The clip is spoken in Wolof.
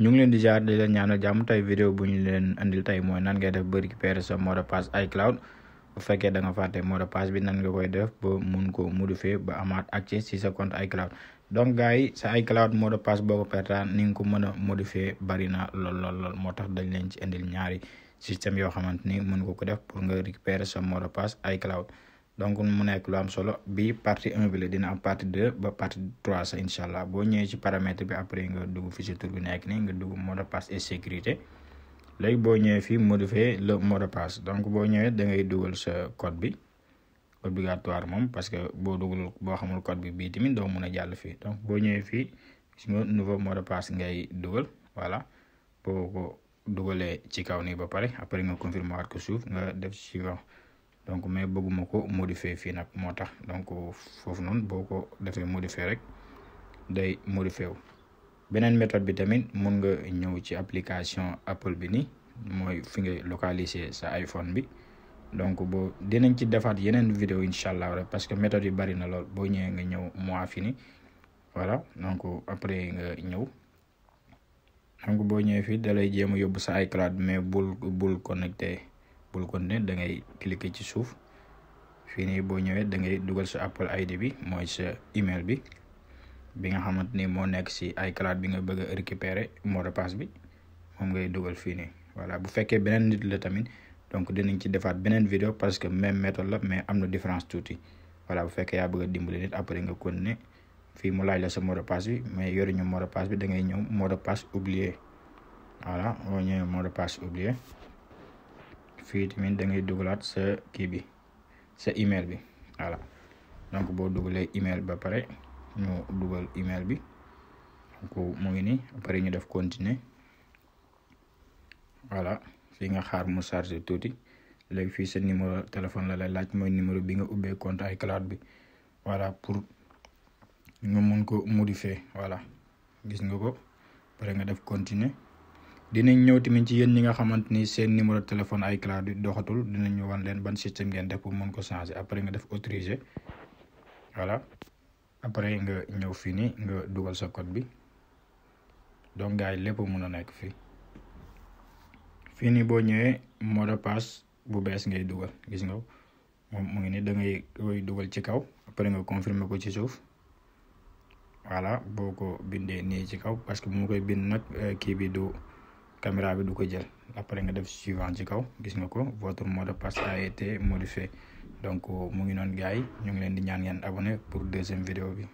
ñu ngi leen di jaar di leen ñaanal jàmm tey vidéo bu ñu leen andil tey mooy nan def ba récupérer sa mot de passe iCloud bu fekkee da nga fàtte mot de bi nan koy def ba mun ko modifier ba amaat accès si sa compte iCloud donc gars yi sa iCloud mot de passe boo ko pertaan ni nga ko mën a modifier bari na lool lool lool moo tax dañ leen ci indil ñaari système yoo xamante ni mën nga ko def pour nga récupérer sa mot de passe iCloud donc mu nekk lu am solo bi partie 1 bi la dina am partie 2 ba partie trois sa incha allah boo ñëwee ci paramètre bi après nga dugg fi si tur bi nekk nii nga dugg mot de sécurité léegi boo ñëwee fii modifier le mot de passe donc boo ñëwee dangay ngay dugal sa code bi obligatoire moom parce que boo dugal boo xamul code bi bii tamit doo mun a jàll fii donc boo ñëwee fii gis nga nouveau mot de passe ngay dugal voilà boo ko dugalee ci kaw nii ba pare après nga confirmer waat ko suuf nga def suivant donc mais bëgguma ko modifier fii nag moo tax donc foofu noonu boo ko defee modifier rek day modifier wu beneen méthode bi tamit mun nga ñëw ci application Apple bi ni mooy fi nga localiser sa iPhone bi donc boo dinañ ci defaat yeneen vidéo incha allah rek parce que méthode yi bari na lool boo ñëwee nga ñëw moi fi ni voilà donc après nga ñëw donc boo ñëwee fii dalay jéem a yóbbu sa iCloud mais bul bul connecté bul continuer da ngay cliquer ci suuf fii nii boo ñëwee da ngay dugal sa Apple ID bi mooy sa email bi bi nga xamante ni moo nekk si iCloud bi nga bëgg a récupérer mot bi moom ngay dugal fii nii voilà bu fekkee beneen nit la tamit donc dinañ ci defaat beneen vidéo parce que même méthode la mais am na différence tuuti voilà bu fekkee yaa bëgg a dimbali nit après nga continuer fii mu laaj la sa mot de bi mais yoruñu mot de bi dangay ñëw mot de passe oublié voilà boo ñëwee fii tamit dangay ngay dugalaat sa kii bi sa email bi voilà donc boo dugalee email ba pare ñu dugal email bi donc mu ngi nii pare ñu def continuer voilà fii nga xaar mu chargé tuuti léegi fii sa numéro téléphone la lay laaj mooy numéro bi nga ubbee compte iCloud bi voilà pour nga mun ko modifier voilà gis nga ko pare nga def continuer dinañ ñëw tamit ci yéen ñi nga xamante ni seen numéro téléphone ay cloud di dinañ ñu wan leen ban système ngeen def pour mën ko changer après nga def autoriser voilà après nga ñëw fii nii nga dugal sa code bi donc lépp mën a nekk fii fii nii boo ñëwee mot de bu bees ngay dugal gis nga moom mu ngi ni da ngay koy dugal ci kaw après nga confirmer ko ci suuf voilà boo ko bindee nii ci kaw parce que mu koy bind nag euh, kii bi du. caméra bi du ko jël après nga def suivant ci kaw gis nga ko votre mot de passe a été modifié donc euh, mu ngi noon gars yi ñu ngi leen di ñaan ngeen abonné pour deuxième vidéo bi